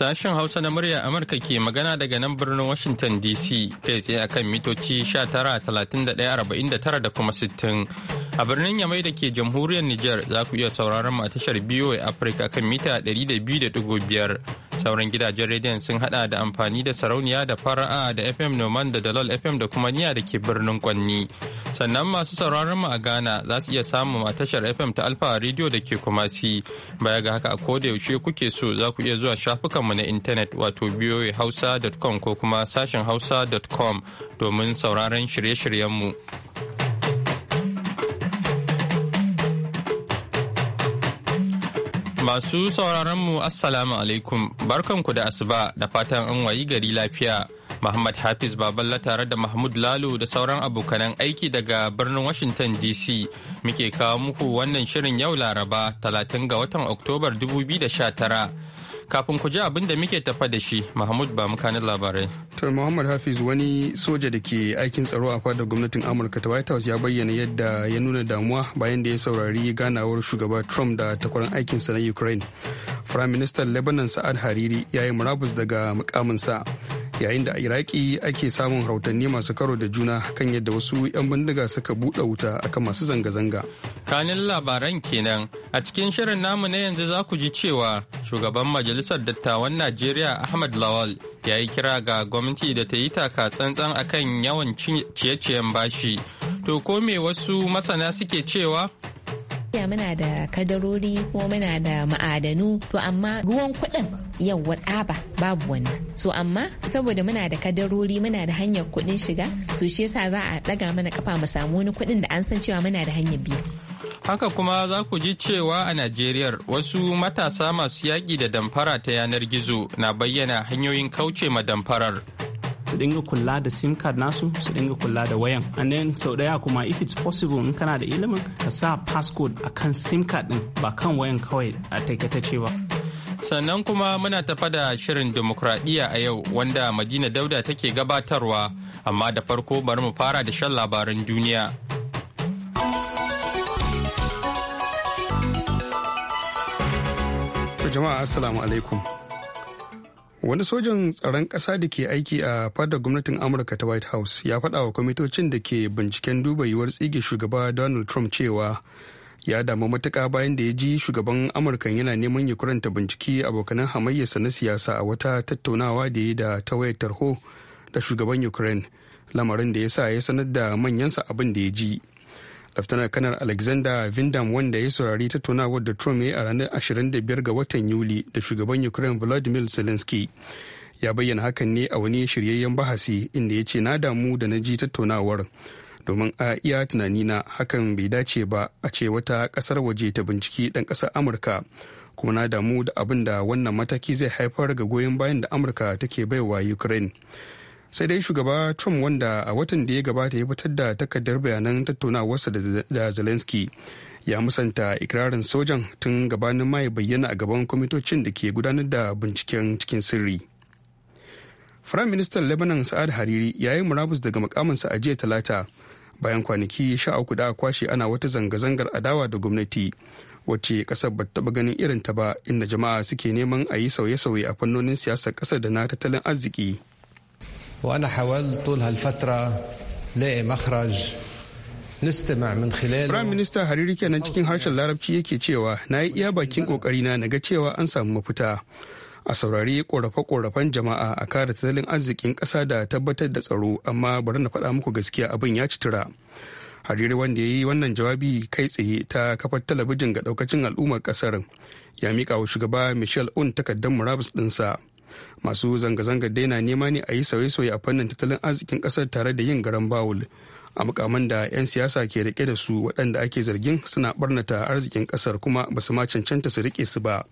Sashen Hausa na murya Amurka ke magana daga nan birnin Washington DC kai tsaye akan mitoci 19,31,49 da kuma 60. A birnin Yamai da ke jamhuriyar Nijar za ku iya sauraron mu a tashar BOA afirka kan mita 200.5. Sauran gidajen rediyon sun hada da amfani da sarauniya da fara'a da FM Noman da Dalol FM da kuma niya da ke birnin Kwanni. Sannan masu sauraron mu a Ghana za su iya samun a tashar FM ta Alfa Radio da ke Kumasi. Baya ga haka a da yaushe kuke so za ku iya zuwa shafukanmu na intanet wato voahausa.com ko kuma sashen hausa.com domin sauraron shirye-shiryenmu. Masu sauraronmu Assalamu alaikum barkanku da asuba da fatan an wayi gari lafiya. Muhammad Hafiz Baballa tare da Mahmud Lalo da sauran abokanan aiki daga birnin Washington DC muke kawo muku wannan shirin yau Laraba 30 ga watan Oktobar 2019 Kafin ku ji abin da muke tafa da shi, Mahmud ba mukanin labarai. To Muhammad Hafiz wani soja da ke aikin tsaro a fadar gwamnatin Amurka ta White House ya bayyana yadda ya nuna damuwa bayan da ya saurari ganawar shugaba Trump da takwaran aikinsa na Ukraine. Prime Minister Lebanon Sa'ad Hariri ya yi murabus daga mukaminsa. yayin da a iraki ake samun rahotanni masu karo da juna kan yadda wasu 'yan bindiga suka buɗe wuta akan masu zanga-zanga kanin labaran kenan a cikin shirin namu na yanzu za ku ji cewa shugaban majalisar dattawan najeriya ahmad lawal ya yi kira ga gwamnati da ta yi taka tsantsan akan yawan ciye-ciyen bashi to ko me wasu masana suke cewa Ya muna da kadarori ko muna da ma'adanu to amma ruwan kudin yau tsaba babu wannan. So amma saboda muna da kadarori muna da hanyar kudin shiga so shi yasa za a ɗaga mana kafa mu samu wani kudin da an san cewa muna da hanyar biya. Haka kuma za ku ji cewa a Najeriya wasu matasa masu yaƙi da damfara ta yanar gizo na bayyana hanyoyin kauce ma damfarar. su dinga kula da sim card nasu su dinga kula da wayan and then sau daya kuma if it's possible in kana da ilimin ka sa passcode kan sim card din ba kan wayan kawai a taikatace ba sannan kuma muna tafa da shirin demokradiyya a yau wanda madina dauda take gabatarwa amma da farko bari mu fara da shan labaran duniya jama'a assalamu alaikum wani sojan tsaron ƙasa da ke aiki a fadar gwamnatin amurka ta white house ya faɗa wa kwamitocin da ke binciken duba yiwuwar tsige shugaba donald trump cewa ya damu matuka bayan da ya ji shugaban amurka yana neman ya kuranta binciki abokanan hamayyarsa na siyasa a wata tattaunawa da ya da ta wayar tarho da shugaban ukraine lamarin da ya sa ya sanar da manyansa abin da ya ji laftanar kanar alexander vindam wanda ya saurari tattaunawar da trump ya a ranar 25 ga watan yuli da shugaban ukraine vladimir zelensky ya bayyana hakan ne a wani shiryayyen bahasi inda ya ce na damu da na ji tattaunawar domin a iya tunanina hakan bai dace ba a ce wata kasar waje ta binciki ɗan ƙasar amurka kuma na damu da abin da wannan mataki zai haifar ga goyon bayan da amurka take baiwa ukraine sai dai shugaba trump wanda a watan da ya gabata ya fitar da takardar bayanan tattaunawarsa da zelensky ya musanta ikirarin sojan tun gabanin ma ya bayyana a gaban kwamitocin da ke gudanar da binciken cikin sirri firayim ministan lebanon sa'ad hariri ya yi murabus daga makamansa a jiya talata bayan kwanaki sha uku da kwashe ana wata zanga-zangar adawa da gwamnati wacce kasar ba taɓa ganin irin ta ba inda jama'a suke neman a yi sauye-sauye a fannonin siyasar kasar da na tattalin arziki وأنا حاولت طول هالفترة لقي مخرج Prime Minister Hariri kenan cikin harshen larabci yake cewa na yi iya bakin kokarina na ga cewa an samu mafita. A saurari korafe-korafen jama'a a kare tattalin arzikin kasa da tabbatar da tsaro amma bari na faɗa muku gaskiya abin ya citira Hariri wanda ya yi wannan jawabi kai tsaye ta kafar talabijin ga daukacin al'ummar kasar ya mika wa shugaba Michel Un takardar murabus ɗinsa. masu zanga-zangar na nema ne a yi sauye-sauye a fannin tattalin arzikin kasar tare da yin garan bawul a mukaman da 'yan siyasa ke rike da su waɗanda ake zargin suna barnata arzikin kasar kuma ba su ma cancanta su rike su ba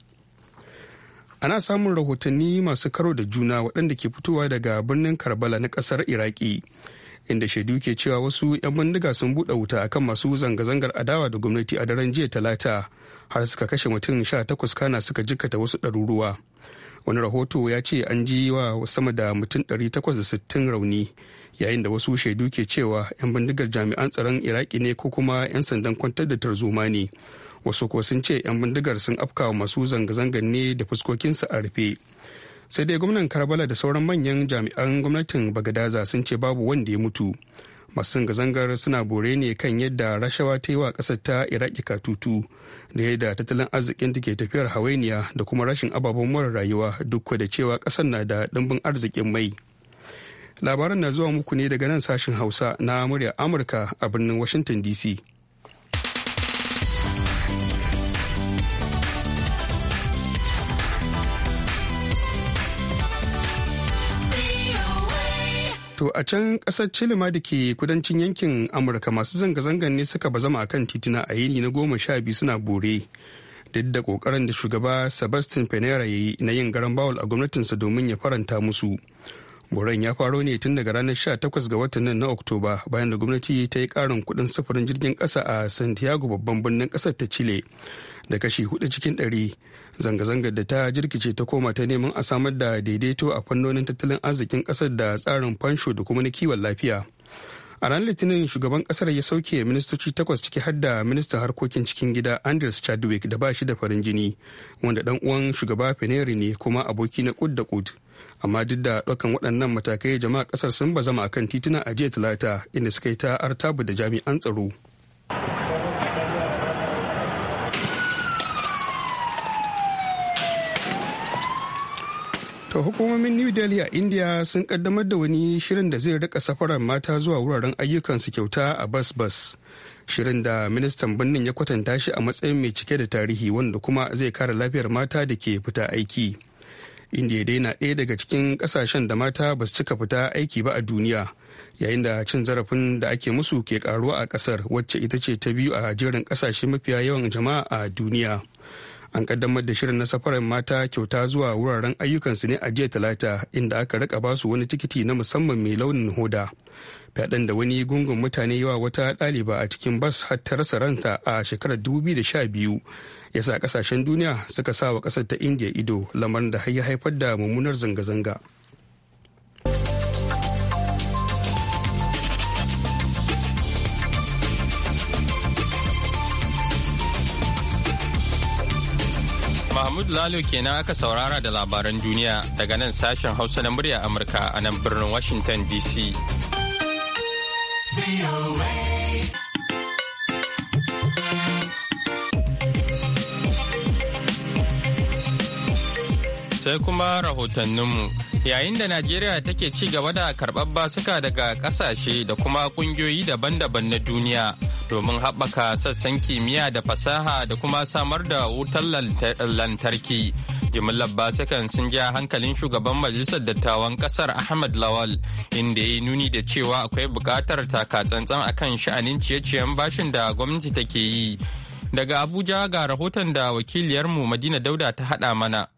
ana samun rahotanni masu karo da juna waɗanda ke fitowa daga birnin karbala na ƙasar iraki inda shaidu ke cewa wasu 'yan bindiga sun buɗe wuta akan masu zanga-zangar adawa da gwamnati a daren jiya talata har suka kashe mutum 18 kana suka jikkata wasu ɗaruruwa wani rahoto ya ce an ji wa sama da mutum 860 rauni yayin da wasu shaidu ke cewa 'yan bindigar jami'an tsaron iraki ne ko kuma 'yan sandan kwantar da tarzoma ne wasu ko sun ce 'yan bindigar sun afkawa masu zanga-zangan ne da fuskokinsu a rufe sai dai gwamnan karbala da sauran manyan jami'an gwamnatin bagadaza sun ce babu wanda ya mutu masu zanga-zangar suna bore ne kan yadda rashawa ta yi wa ƙasar ta iraki katutu da yadda tattalin arzikin take tafiyar hawainiya da kuma rashin ababen mara rayuwa duk da cewa ƙasar na da ɗimbin arzikin mai labaran na zuwa muku ne daga nan sashen hausa na murya amurka a birnin washington dc To a can ƙasar Chile ma da ke kudancin yankin Amurka masu zanga-zangan ne suka bazama akan titina a yini na goma sha biyu suna bore. Duk da kokarin da shugaba Sebastian Pinera ya yi na yin garan bawul a gwamnatinsa domin ya faranta musu. Boren ya faro ne tun daga ranar takwas ga watan nan na Oktoba bayan da gwamnati ta yi karin kuɗin sufurin jirgin ƙasa a Santiago babban birnin ƙasar ta Chile da kashi hudu cikin ɗari zanga-zangar da ta jirkice ta koma ta neman a samar da daidaito a fannonin tattalin arzikin kasar da tsarin fansho da kuma na kiwon lafiya a ranar litinin shugaban kasar ya sauke ministoci takwas ciki har da ministan harkokin cikin gida andres chadwick da ba shi da farin jini wanda dan uwan shugaba feneri ne kuma aboki na kud da kud amma duk da ɗaukan waɗannan matakai jama'a kasar sun ba bazama akan tituna a jiya talata inda suka yi ta artabu da jami'an tsaro To hukumomin New Delhi a India sun kaddamar da wani shirin da zai rika safarar mata zuwa wuraren ayyukansu kyauta a bas bas. Shirin da ministan birnin ya kwatanta shi a matsayin mai cike da tarihi wanda kuma zai kare lafiyar mata da ke fita aiki. India dai na ɗaya daga cikin ƙasashen da mata ba su cika fita aiki ba a duniya. Yayin da cin zarafin da ake musu ke karuwa a ƙasar wacce ita ce ta biyu a jerin ƙasashe mafiya yawan jama'a a duniya. an kaddamar da shirin na safarar mata kyauta zuwa wuraren ayyukansu ne a jiya talata inda aka rika basu wani tikiti na musamman mai launin hoda fyaɗan da wani gungun mutane yawa wata ɗaliba a cikin bas har ta rasa ranta a shekarar 2012 ya sa ƙasashen duniya suka sa wa ƙasar ta indiya ido lamarin da ya haifar da mummunar zanga-zanga. Mahmud Lalo kenan aka saurara da labaran duniya daga nan sashen Hausa na murya Amurka a nan birnin Washington DC. Sai kuma rahotanninmu. Yayin da Najeriya take ci gaba da karɓar basuka daga ƙasashe da kuma ƙungiyoyi daban-daban na duniya. domin haɓaka sassan kimiyya da fasaha da kuma samar da wutar lantarki. jimillar basikan sun ja hankalin shugaban majalisar dattawan kasar ahmad lawal inda ya yi nuni da cewa akwai buƙatar bukatar takatsantsan akan sha'anin ciye-ciyen bashin da gwamnati take yi daga abuja ga rahoton da wakiliyarmu madina dauda ta haɗa mana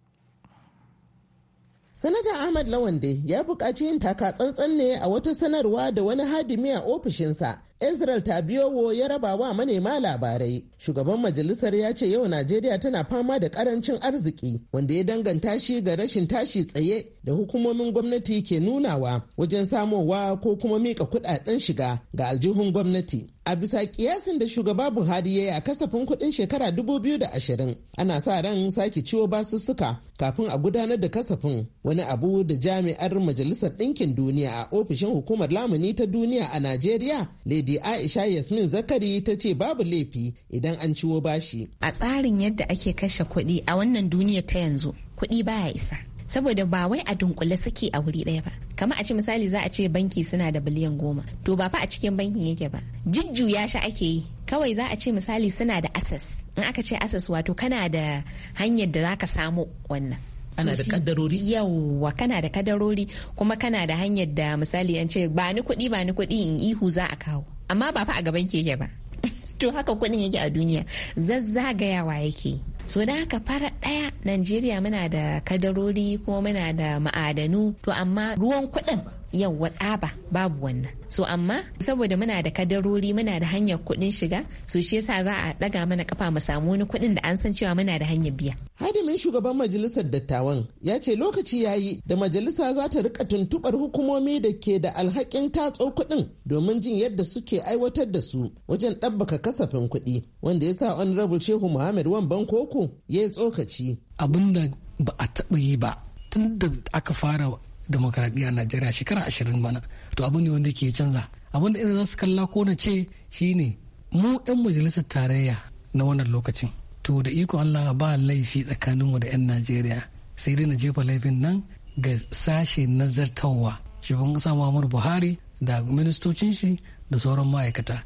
Sanata Ahmad Lawande ya buƙaci yin taka tsantsan ne a wata sanarwa da wani hadimi a ofishinsa. Israel Tabiyowo ya raba wa manema labarai. Shugaban majalisar ya ce yau Najeriya tana fama da karancin arziki wanda ya danganta shi ga rashin tashi tsaye da hukumomin gwamnati ke nunawa wajen samowa ko kuma miƙa kuɗaɗen shiga ga aljihun gwamnati. a bisa kiyasin da shugaba buhari ya yi a kasafin kuɗin shekara 2020 ana sa ran sake ciwo basussuka kafin a gudanar da kasafin wani abu da jami'ar majalisar ɗinkin duniya a ofishin hukumar lamuni ta duniya a najeriya lady aisha yasmin zakari ta ce babu laifi idan an ciwo bashi a tsarin yadda ake kashe kuɗi a wannan duniya ta yanzu kuɗi baya isa saboda ba wai a dunkule suke a wuri ɗaya ba kamar a ce misali za a ce banki suna da biliyan goma to ba fa a cikin bankin yake ba ya sha ake yi kawai za a ce misali suna da asas in aka ce asas wato kana da hanyar da za ka samu wannan kana da kadarori yawwa kana da kadarori kuma kana da hanyar da misali an ce ba ni kuɗi ba ni kuɗi in ihu za a kawo amma ba fa a gaban keke ba to haka kuɗin yake a duniya zazzagayawa yake so da haka fara ɗaya najeriya muna da kadarori kuma muna da ma'adanu to amma ruwan kuɗin yau tsaba babu wannan so amma saboda muna da kadarori muna da hanyar kuɗin shiga so shi yasa za a ɗaga mana kafa mu samu wani kuɗin da an san cewa muna da hanyar biya hadimin shugaban majalisar dattawan ya ce lokaci ya yi da majalisa za ta rika tuntuɓar hukumomi da ke da alhakin tatso kuɗin domin jin yadda suke aiwatar da su wajen ɗabbaka kasafin kuɗi wanda ya sa honorable shehu muhammad wan bankoko ya yi tsokaci abinda ba a taɓa yi ba tun da aka fara demokaradiyya a najeriya shekara ashirin bana to abu ne wanda ke canza abin da irin za su kalla ko na ce shi ne mu 'yan majalisar tarayya na wannan lokacin to da iko allah ba laifi tsakanin mu da 'yan najeriya sai dai na jefa laifin nan ga sashe zartawa shugaban kasa muhammadu buhari da ministocin shi da sauran ma'aikata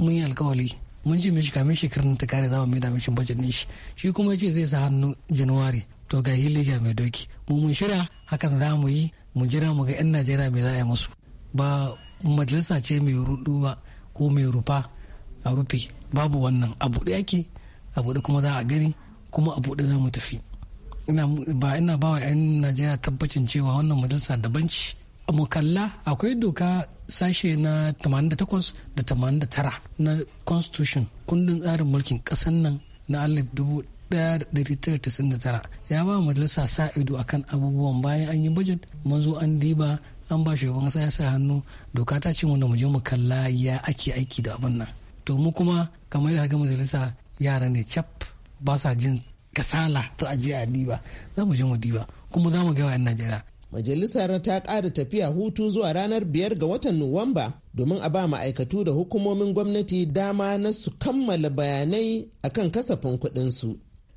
mun yi alkawali mun ji mishi kamin shekarun ta kare za mu da mishi budget din shi shi kuma ya ce zai sa hannu januwari to ga liga mai doki mu mun shirya hakan za mu yi mu jira mu ga 'yan najeriya mai za a yi musu ba majalisa ce mai rudu ba ko mai rufa a rufe babu wannan a buɗe ake a buɗe kuma za a gani kuma a buɗe za mu tafi ba ina ba wa 'yan najeriya tabbacin cewa wannan majalisa daban ce kalla akwai doka sashe na 88 da 89 na constitution kundin tsarin mulkin ƙasar nan na alif dubu 1999 ya ba majalisa sa ido akan abubuwan bayan an yi budget mun zo an diba an ba shugaban kasa ya sa hannu doka ta ce wanda mu je mu kalla ya ake aiki da abin nan to mu kuma kamar yadda ga majalisa yara ne cap ba sa jin kasala to a je a diba za mu je mu diba kuma za mu ga wa'yan najeriya Majalisar ta ƙara tafiya hutu zuwa ranar biyar ga watan Nuwamba domin a ba ma'aikatu da hukumomin gwamnati dama na su kammala bayanai akan kasafin kuɗinsu.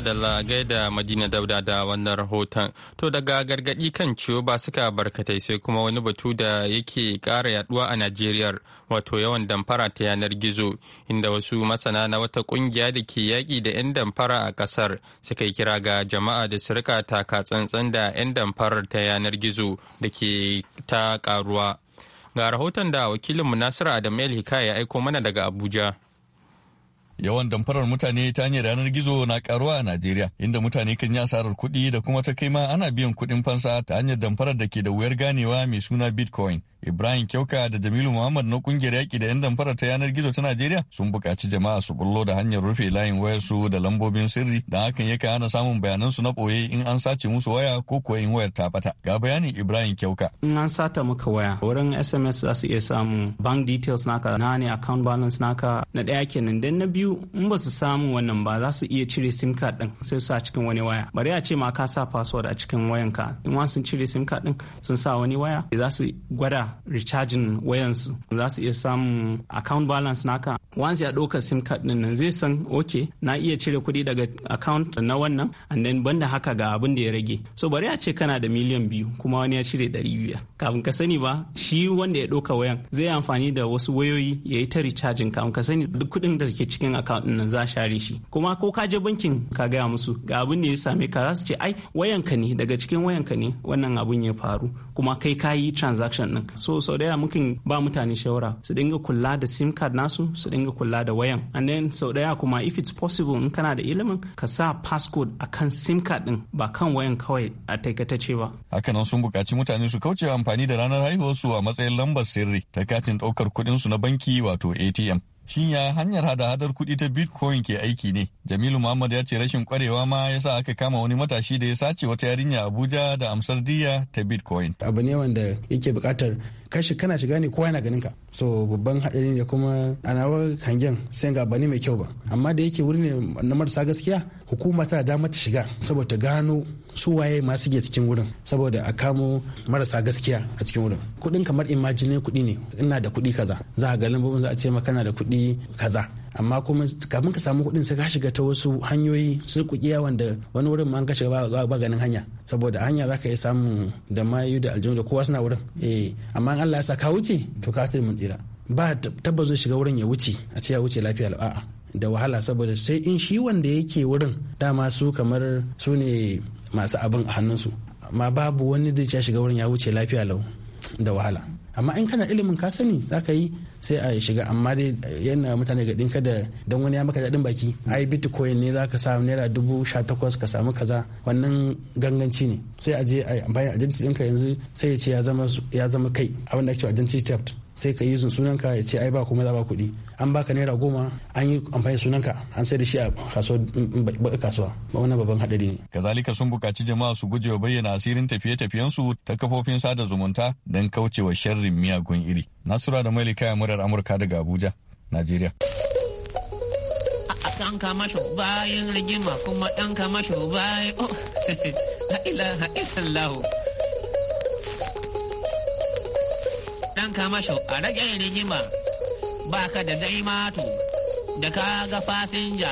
da gaida Madina Dauda da wannan rahoton. To daga gargaɗi kan ciwo ba suka barkatai sai kuma wani batu da yake kara yaduwa a Najeriya wato yawan damfara ta yanar gizo inda wasu masana na wata ƙungiya da ke yaƙi da 'yan damfara a ƙasar suka yi kira ga jama'a da su rika taka tsantsan da 'yan damfarar ta yanar gizo da ke ta ƙaruwa. Ga rahoton da wakilinmu Nasiru Adamu Hikaya ya aiko mana daga Abuja. Yawan damfarar mutane ta hanyar yanar gizo na karuwa a Najeriya, inda mutane kan yi asarar kuɗi da kuma ta kai ma ana biyan kuɗin fansa ta hanyar damfarar da ke da wuyar ganewa mai suna Bitcoin. Ibrahim Kyauka da Jamilu Muhammad na kungiyar yaƙi da 'yan damfara ta yanar gizo ta Najeriya sun buƙaci jama'a su bullo da hanyar rufe layin wayarsu da lambobin sirri da hakan yakan hana samun bayanan su na ɓoye in an sace musu waya ko kuwa in wayar ta fata. Ga bayanin Ibrahim Kyauka. In an sata muka waya wurin SMS za su iya samun bank details naka na ne account balance naka na ɗaya kenan dan na biyu in ba su samu wannan ba za su iya cire sim card ɗin sai su sa cikin wani waya. Bari a ce ma ka sa password a cikin wayanka in wasu cire sim card ɗin sun sa wani waya za su gwada recharging wayansu za su iya samun account balance naka once ya ɗauka sim card ɗin nan zai san ok na iya cire kuɗi daga account na wannan and then banda haka ga abin da ya rage so bari a ce kana da miliyan biyu kuma wani ya cire ɗari biyar kafin ka sani ba shi wanda ya ɗauka wayan zai amfani da wasu wayoyi ya yi ta recharging kafin ka sani duk kuɗin da ke cikin account din nan za a share shi kuma ko ka je bankin ka gaya musu ga abin da ya same ka za su ce ai wayanka ne daga cikin wayanka ne wannan abin ya faru kuma kai kayi yi transaction din so sau da mukan ba mutane shawara su dinga kula da sim card nasu su dinga kula da wayan and then sau da kuma if it's possible in kana da ilimin ka sa passcode a kan sim card din ba kan wayan kawai a taikatace ba hakanan sun buƙaci mutane su kauce amfani da ranar haihuwarsu a matsayin lambar sirri ta katin ɗaukar kuɗinsu na banki wato atm Shin yaya hanyar hada-hadar kuɗi ta Bitcoin ke aiki ne? Jamilu Muhammad ya ce rashin kwarewa ma ya sa aka kama wani matashi da ya sace wata yarinya Abuja da amsar diya ta Bitcoin. Abu ne wanda yake bukatar. kashi kana shiga ne kowa yana ganin ka so babban hadari ne kuma anawar hangen sai ga ba ne mai kyau ba amma da yake wuri ne na marasa gaskiya hukuma tana damar ta shiga saboda ta gano su waye ma suke cikin wurin saboda a kamo marasa gaskiya a cikin wurin kuɗin kamar imajinin kuɗi ne ina da kuɗi kaza za a ga lambobin za a ce ma kana da kuɗi kaza amma kuma kafin ka samu kuɗin sai ka shiga ta wasu hanyoyi surkukiya wanda wani wurin ma an ka shiga ba ganin hanya saboda hanya za ka iya samu da mayu da aljanu da kowa suna wurin eh amma in Allah ya sa ka wuce to ka ta mun tsira ba tabbas zai shiga wurin ya wuce a ce ya wuce lafiya a'a da wahala saboda sai in shi wanda yake wurin dama su kamar su ne masu abin a hannunsu amma babu wani da ya shiga wurin ya wuce lafiya lau da wahala amma in kana ilimin ka sani za ka yi sai a shiga amma dai yana mutane ga ɗinka da don wani ya maka daɗin baki ai bitcoin ne za ka samu naira dubu sha takwas ka samu kaza wannan ganganci ne sai a je bayan ajanci ɗinka yanzu sai ya ce ya zama kai abin da ake ajanci theft sai ka yi sunanka ya ce ai ba kuma za ba kuɗi an baka naira goma an yi amfani sunanka an sai da shi a mm, mm, kasuwa ba wannan babban hadari ne kazalika sun buƙaci jama'a su gujewa bayyana asirin tafiye su ta kafofin sada zumunta don kaucewa sharrin miyagun iri nasura da likaya murar amurka daga abuja najeriya ɗan kama bayan rigima kuma ɗan kama bayan ha'ila ha'ila lahu ɗan kamasho a rage rigima ba ka da matu da ka ga fasinja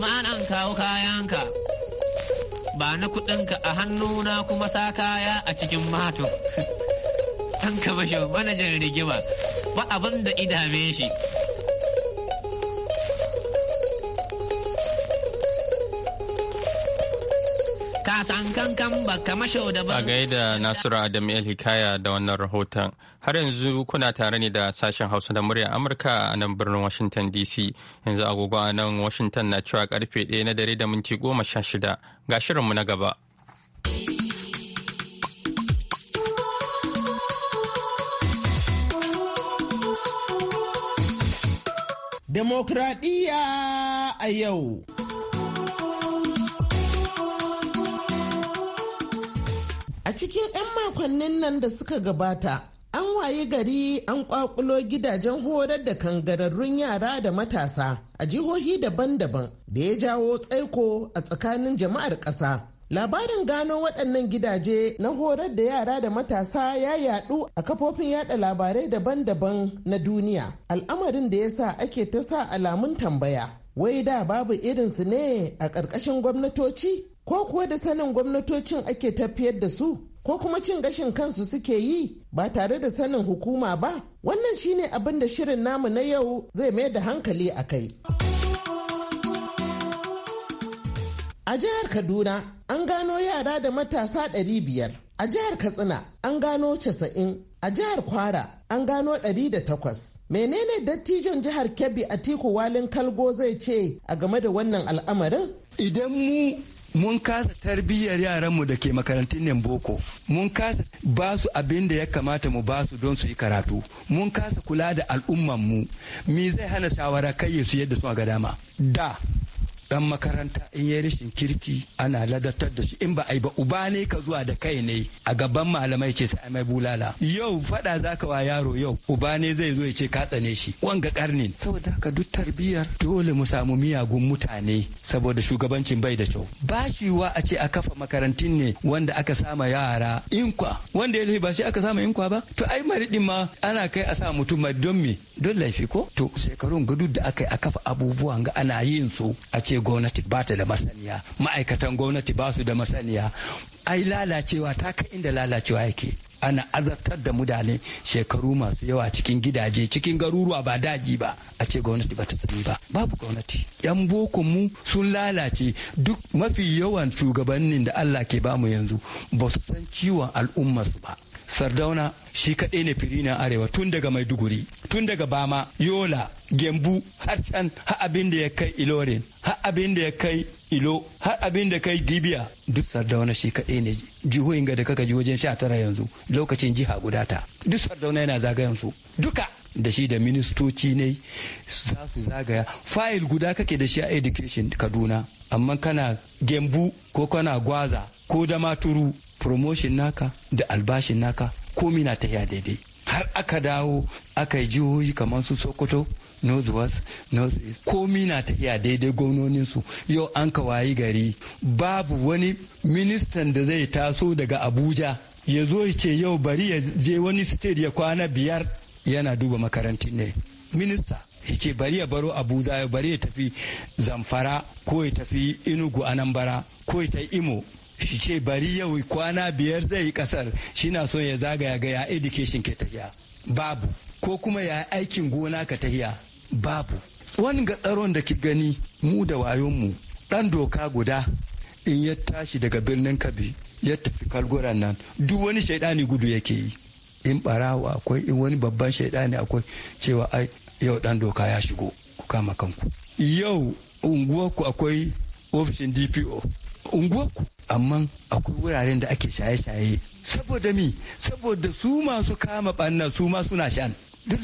ma'anan kawo kayanka ba na kuɗinka a hannuna kuma sa kaya a cikin matu. ɗan kamasho manajan rigima ba abin da idame shi a ga kankan da Nasiru Adam El Hikaya da wannan rahoton. Har yanzu kuna tare ne da sashen Hausa da murya Amurka a nan birnin Washington DC. Yanzu agogo a nan Washington na cewa karfe 1 na dare da minti goma sha shida. Ga shirinmu na gaba. Demokradiyya a yau. cikin 'yan makonnin nan da suka gabata an waye gari an kwakulo gidajen horar da kangararrun yara da matasa a jihohi daban-daban da ya jawo tsaiko a tsakanin jama'ar ƙasa. Labarin gano waɗannan gidaje na horar da yara da matasa ya yaɗu a kafofin yada labarai daban-daban na duniya, al'amarin da ya sa ake ta sa alamun tambaya. Wai da babu irinsu ne a ƙarƙashin gwamnatoci? ko kuwa da sanin gwamnatocin ake tafiyar da su ko kuma cin gashin kansu suke yi ba tare da sanin hukuma ba wannan shine abin da shirin namu na yau zai mayar da hankali a kai a jihar kaduna an gano yara da matasa 500 a jihar katsina an gano 90 a jihar kwara an gano 108 menene dattijon jihar kebbi a tiku walin kalgo zai ce a game da wannan al'amarin idan mu mun kasa tarbiyyar yaranmu da ke makarantun nan boko mun kasa ba su abin da ya kamata mu ba su don su yi karatu mun kasa kula da al'ummanmu mu me zai hana shawara kai su yadda su ga dama da dan makaranta in ya rishin kirki ana ladatar da shi in ba ai ba uba ne ka zuwa da kai ne a gaban malamai ce sai mai bulala yau fada zaka wa yaro yau uba ne zai zo ya ce ka tsane shi wanga karnin saboda ka duk tarbiyar dole mu samu miyagun mutane saboda shugabancin bai da kyau ba wa a ce a kafa makarantun ne wanda aka sama yara inkwa wanda ya ba shi aka sama inkwa ba to ai maridin ma ana kai a sa mutum mai don me don laifi ko to shekarun gudu da aka yi a kafa abubuwan ga ana yin su a ce ce gwamnati ba ta da masaniya ma'aikatan gwamnati ba su da masaniya ai lalacewa ta ka inda lalacewa yake ana azabtar da mutane shekaru masu yawa cikin gidaje cikin garuruwa ba daji ba a ce gwamnati ba ta sani ba babu gwamnati yan boko mu sun lalace duk mafi yawan shugabannin da Allah ke bamu yanzu ba su san ciwon al'ummarsu ba sardauna shi kaɗai ne firi na arewa tun daga maiduguri tun daga bama yola gembu har can ha abin da ya kai ilorin ha abin da ya kai ilo har abin da kai gibiya duk sardauna shi kaɗai ne jihohin ga da kaka ji wajen sha tara yanzu lokacin jiha guda ta duk sardauna yana zagayen su duka da shi da ministoci ne za su zagaya fayil guda kake da shi a education kaduna amma kana gembu ko kana gwaza ko da maturu promotion naka da albashin naka komi na tafiya daidai har aka dawo aka yi jihohi kamar su sokoto north west north east komi na tafiya daidai gwamnoninsu yau an kawayi gari babu wani ministan da zai taso daga abuja ya zo ce yau bari ya je wani state ya kwana biyar yana duba makarantin ne minista ya ce bari ya baro abuja ya bari ya tafi zamfara ko ya tafi inugu anambara ko ya ta imo shi ce bari yau kwana biyar zai yi kasar shi na so ya zagaya ga ya education ke tahiya babu ko kuma ya aikin gona ka tahiya babu wani ga tsaron da ki gani mu da wayonmu dan doka guda in ya tashi daga birnin kabi ya tafi kalgoran nan duk wani shaidani gudu yake yi in barawa akwai in wani babban shaidani akwai cewa ai yau dan doka ya shigo ku kama kanku yau unguwarku akwai ofishin dpo unguwarku amma akwai wuraren da ake shaye-shaye saboda mi saboda su masu kama banna su ma suna shan duk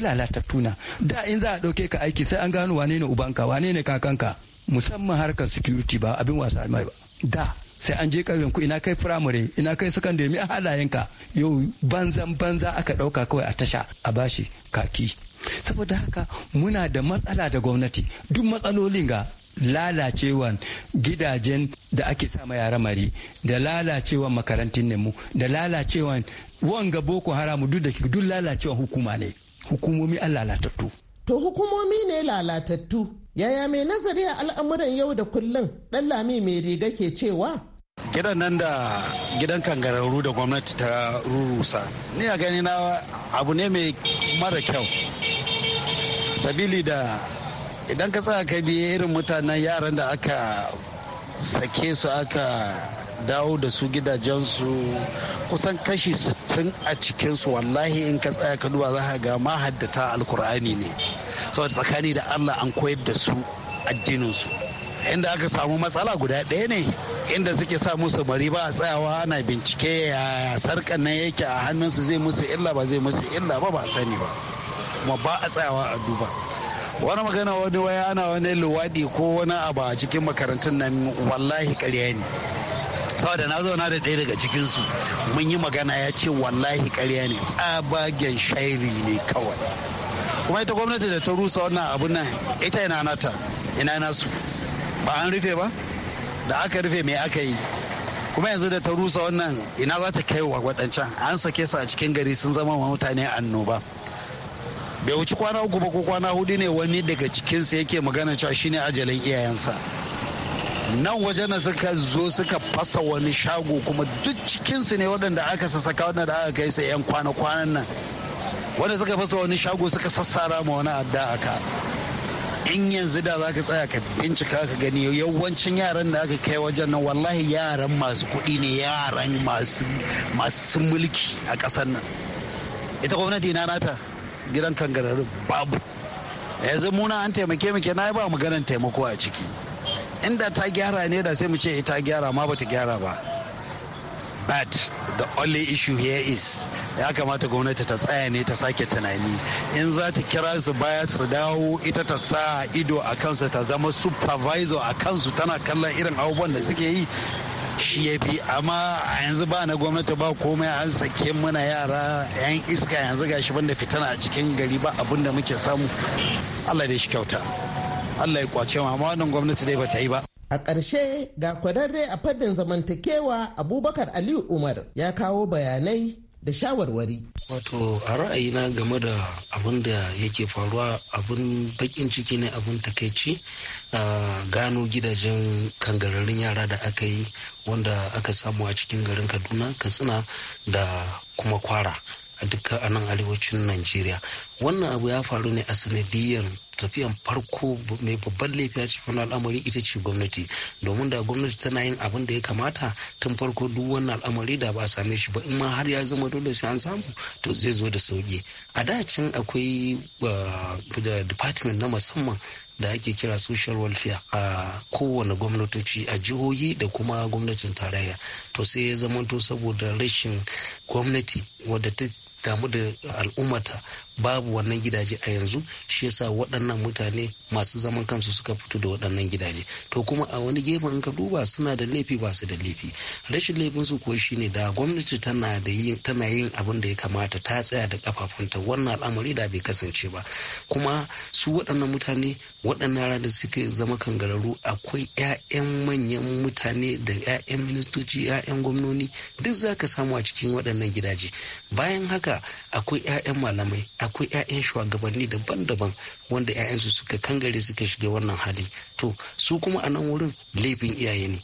tuna da in za a ɗauke ka aiki sai an gano wane ne ubanka wane ne kakanka musamman harkar security ba abin wasa mai ba da sai an je ƙauyen ku ina kai firamare ina kai sakandare mi a halayenka yau banzan banza aka ɗauka kawai a tasha a bashi kaki saboda haka muna da matsala da gwamnati duk matsalolin ga lalacewan gidajen da ake sama yara mari da lalacewan makarantun nemu da lalacewan wanga boko haramu duk da duk lalacewan hukuma ne hukumomi an lalatattu to hukumomi ne lalatattu yaya mai nazari a al'amuran yau da kullum dan lami mai riga ke cewa gidan nan da gidan kangararru da gwamnati ta rurusa ni a gani na abu ne mai mara kyau sabili da idan ka tsaya ka biye irin mutanen yaran da aka sake su aka dawo da su gidajensu kusan kashi 60 a cikinsu wallahi in ka tsaya ka duba za ka ga mahaddata alkur'ani ne saboda tsakani da allah an koyar da su addininsu inda aka samu matsala guda ɗaya ne inda suke sa musu bari ba a tsayawa ana bincike ya sarkan nan yake a hannunsu zai musu illa ba zai musu illa ba ba sani ba kuma ba a tsayawa a duba wani magana wani waya ana wani luwaɗi ko wani abu a cikin makarantun nan wallahi ƙarya ne saboda na zauna da ɗaya daga cikinsu mun yi magana ya ce wallahi ƙarya ne tsabagen shairi ne kawai kuma ita gwamnati da ta rusa wannan abun nan ita ina nata ina nasu ba an rufe ba da aka rufe mai aka yi kuma yanzu da ta rusa wannan ina za ta kai wa waɗancan an sake su a cikin gari sun zama mutane annoba bai wuci kwana uku ba ko kwana hudu ne wani daga cikinsa yake magana cewa shine ajalin iyayensa nan wajen na suka zo suka fasa wani shago kuma duk cikinsu ne waɗanda aka sassaka waɗanda aka kai sa 'yan kwana-kwanan nan wanda suka fasa wani shago suka sassara ma wani adda aka in yanzu da za ka tsaya ka bincika ka gani yawancin yaran da aka kai wajen nan wallahi yaran masu kuɗi ne yaran masu mulki a ƙasar nan ita gwamnati na nata gidan kangararin babu yanzu muna an taimake mu kenan ba maganan taimako a ciki inda ta gyara ne da sai mu ce ita eh, gyara ma bata gyara ba but the only issue here is ya kamata gwamnati ta tsaya ne ta sake tunani in za ta kira su baya su dawo ita ta sa ido a kansu ta zama supervisor a kansu tana kallon irin abubuwan da suke yi shi ya fi amma a yanzu ba na gwamnati ba komai an sake mana yara yan iska yanzu gashi banda fitana a cikin gari ba abin da muke samu allah da shi kyauta allah ya kwace ma amma wannan gwamnati dai bata yi ba a ƙarshe ga kwararre a faddin zamantakewa abubakar aliyu umar ya kawo bayanai da shawarwari. Wato a ra'ayina game da abin da yake faruwa abin bakin ciki ne abin takaici a gano gidajen kangararin yara da aka yi wanda aka samu a cikin garin Kaduna, Katsina da kuma Kwara a dukkan anan arewacin Najeriya. Wannan abu ya faru ne a sanadiyar tafiyan farko mai babban laifi a cikin al'amari ita ce gwamnati domin da gwamnati tana yin abin da ya kamata tun farko duk wannan al'amari da ba a same shi ba in ma har ya zama dole sai an samu to zai zo da sauki a da dacin akwai ah, da department na musamman da ake kira social welfare a kowane gwamnatoci a jihohi da kuma gwamnatin tarayya to sai ya zamanto saboda rashin gwamnati wadda ta damu da al'ummata babu wannan gidaje a yanzu shi yasa waɗannan mutane masu zaman kansu suka fito da waɗannan gidaje to kuma a wani gefen in ka duba suna da laifi ba su da laifi rashin laifin su kuwa shine da gwamnati tana yin tana abin da ya kamata ta tsaya da kafafunta wannan al'amari da bai kasance ba kuma su waɗannan mutane waɗannan yara da suka zama kan kangararru akwai 'ya'yan manyan mutane da 'ya'yan ministoci 'ya'yan gwamnoni duk zaka samu a cikin waɗannan gidaje bayan haka haka akwai 'ya'yan malamai akwai 'ya'yan shugabanni daban-daban wanda 'ya'yansu suka kangare suka shiga wannan hali to su kuma a nan wurin laifin iyaye ne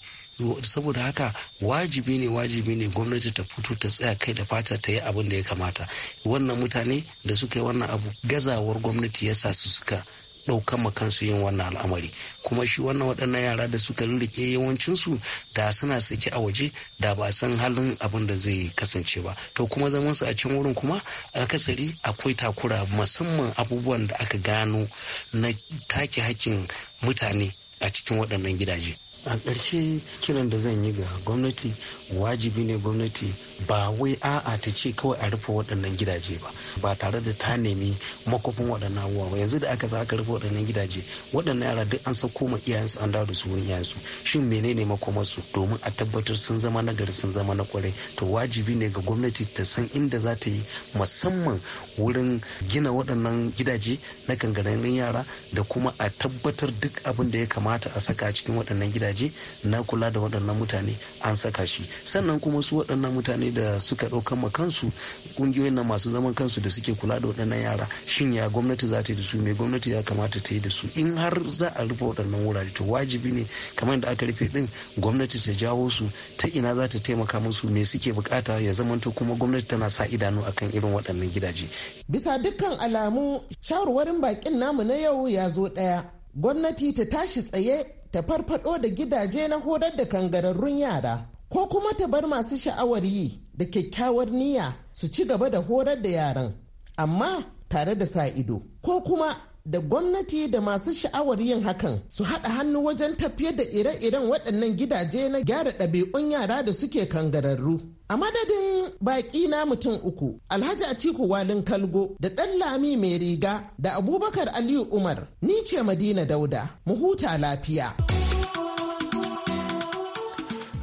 saboda haka wajibi ne wajibi ne gwamnati ta fito ta tsaya kai da fata ta yi abin da ya kamata wannan mutane da suka yi wannan abu gazawar gwamnati ya sa su suka ɗaukan ma kansu yin wannan al'amari kuma shi wannan waɗannan yara da suka rirrike yawancinsu da suna sake a waje da ba san halin abin da zai kasance ba to kuma zaman su a can wurin kuma akasari akwai takura musamman abubuwan da aka gano na take hakkin mutane a cikin waɗannan gidaje a ƙarshe kiran da zan yi ga gwamnati wajibi ne gwamnati ba wai a'a ta ce kawai a rufe waɗannan gidaje ba ba tare da ta nemi makofin waɗannan abubuwa ba yanzu da aka sa aka rufe waɗannan gidaje waɗannan yara duk an sauko ma iyayensu an dawo da su wurin iyayensu shin menene makomarsu domin a tabbatar sun zama na gari sun zama na kwarai to wajibi ne ga gwamnati ta san inda za ta yi musamman wurin gina waɗannan gidaje na kangarin yara da kuma a tabbatar duk abin da ya kamata a saka cikin waɗannan gidaje gidaje na kula da waɗannan mutane an saka shi sannan kuma su waɗannan mutane da suka ɗauka ma kansu ƙungiyoyin na masu zaman kansu da suke kula da waɗannan yara shin ya gwamnati za ta yi da su me gwamnati ya kamata ta yi da su in har za a rufe waɗannan wurare to wajibi ne kamar da aka rufe din gwamnati ta jawo su ta ina za ta taimaka musu me suke bukata ya zamanto kuma gwamnati tana sa idanu akan irin waɗannan gidaje. Bisa dukkan alamu shawarwarin bakin namu na yau ya zo ɗaya. gwamnati ta tashi tsaye ta farfado da gidaje na horar da kangararrun yara ko kuma ta bar masu sha'awar yi da kyakkyawar niyya su ci gaba da horar da yaran amma tare da sa ido ko kuma da gwamnati da masu sha'awar yin hakan su haɗa hannu wajen tafiyar da ire-iren waɗannan gidaje na gyara ɗabi'un yara da suke kangararru A madadin baƙi na mutum uku, Alhaji Atiku Walin Kalgo da ɗan Lami mai riga da Abubakar Aliyu Umar, ni ce Madina Dauda, mu huta lafiya.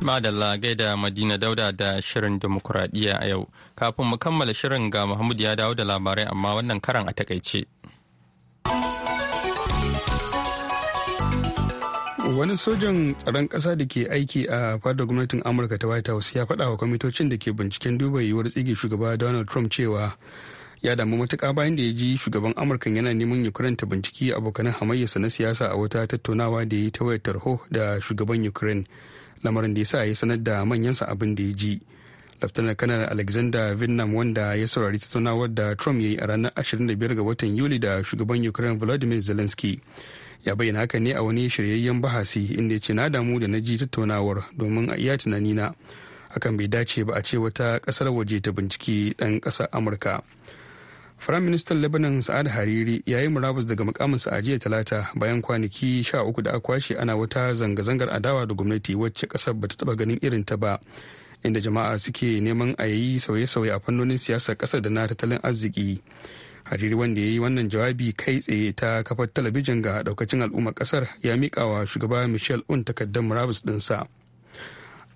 Madalla gaida Madina Dauda da Shirin Demokuraɗiyya a yau. Kafin mu kammala shirin ga Muhammadu ya dawo da labarai amma wannan karan a takaice. wani sojan tsaron ƙasa da ke aiki a fadar gwamnatin amurka ta white house ya faɗa wa kwamitocin da ke binciken duba yiwuwar tsige shugaba donald trump cewa ya damu matuka bayan da ya ji shugaban amurka yana neman ukraine ta binciki abokanan hamayyarsa na siyasa a wata tattaunawa da ya yi ta wayar tarho da shugaban ukraine lamarin da ya sa ya sanar da manyansa abin da ya ji laftanar kanar alexander vietnam wanda ya saurari tattaunawar da trump ya yi a ranar 25 ga watan yuli da shugaban ukraine volodymyr zelensky ya bayyana haka ne a wani shiryayyen bahasi inda ya ce na damu da na ji tattaunawar domin a iya tunanina hakan bai dace ba a ce wata kasar waje ta binciki dan kasar amurka firayim ministan lebanon sa'ad hariri ya yi murabus daga mukaminsa a jiya talata bayan kwanaki sha uku da a kwashe ana wata zanga-zangar adawa da gwamnati wacce kasar ba ta taba ganin irin ta ba inda jama'a suke neman a yi sauye-sauye a fannonin siyasar kasar da na tattalin arziki hariri wanda ya yi wannan jawabi kai tsaye ta kafar talabijin ga daukacin al'ummar kasar ya miƙa wa shugaba michel un takardar murabus ɗinsa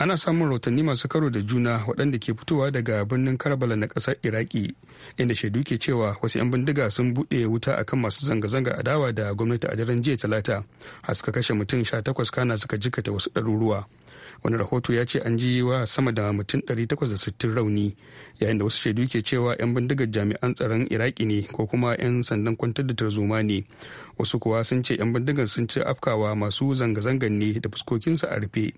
ana samun rahotanni masu karo da juna waɗanda ke fitowa daga birnin karbala na ƙasar iraki inda shaidu ke cewa wasu 'yan bindiga sun buɗe wuta akan masu zanga-zanga adawa da gwamnati a daren jiya talata haska kashe mutum sha takwas kana suka jikata wasu ɗaruruwa wani rahoto ya ce an ji wa sama da mutum 860 rauni yayin da wasu shaidu ke cewa 'yan bindigar jami'an tsaron iraki ne ko kuma 'yan sandan kwantar da tarzoma ne wasu kuwa sun ce 'yan bindigar sun ci afkawa masu zanga-zangan ne da fuskokinsu a rufe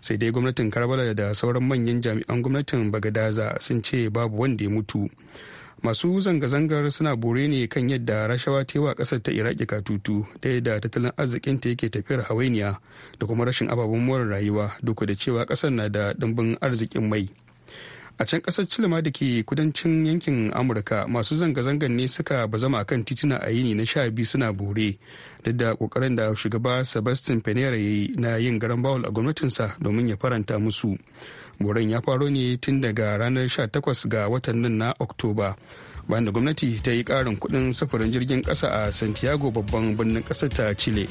sai dai gwamnatin karbala da sauran manyan jami'an gwamnatin bagadaza sun ce babu wanda ya mutu masu zanga-zangar suna bore ne kan yadda rashawa ta tewa kasar ta iraki katutu da tattalin tattalin ta yake tafiyar hawainiya da kuma rashin ababen more rayuwa duk da cewa kasar na da ɗimbin arzikin mai a can kasar cilima da ke kudancin yankin amurka masu zanga-zangar ne suka bazama kan titina a yini na sha biyu suna bore duk da kokarin da shugaba sebastian penera ya yi na yin garan bawul a gwamnatinsa domin ya faranta musu wurin ya faro ne tun daga ranar 18 ga watan nan na oktoba bayan da gwamnati ta yi karin kudin sufurin jirgin kasa a santiago babban birnin kasar ta chile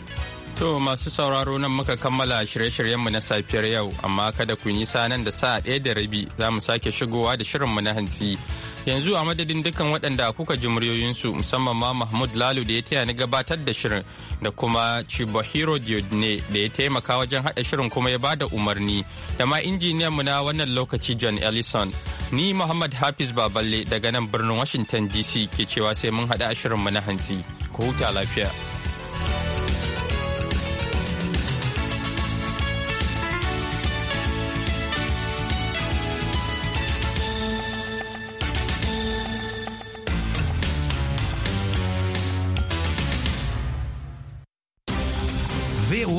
To masu sauraro nan muka kammala shirye-shiryenmu na safiyar yau, amma kada ku yi sanan da sa'a ɗaya da rabi za mu sake shigowa da shirinmu na hantsi. Yanzu a madadin dukkan waɗanda kuka ji muryoyinsu musamman ma Mahmud Lalu da ya taya ni gabatar da shirin da kuma Chibahiro Diodne da ya taimaka wajen haɗa shirin kuma ya bada umarni da ma mu na wannan lokaci John Ellison. Ni Muhammad Hafiz Baballe daga nan birnin Washington DC ke cewa sai mun haɗa shirinmu na hantsi. Ku huta lafiya.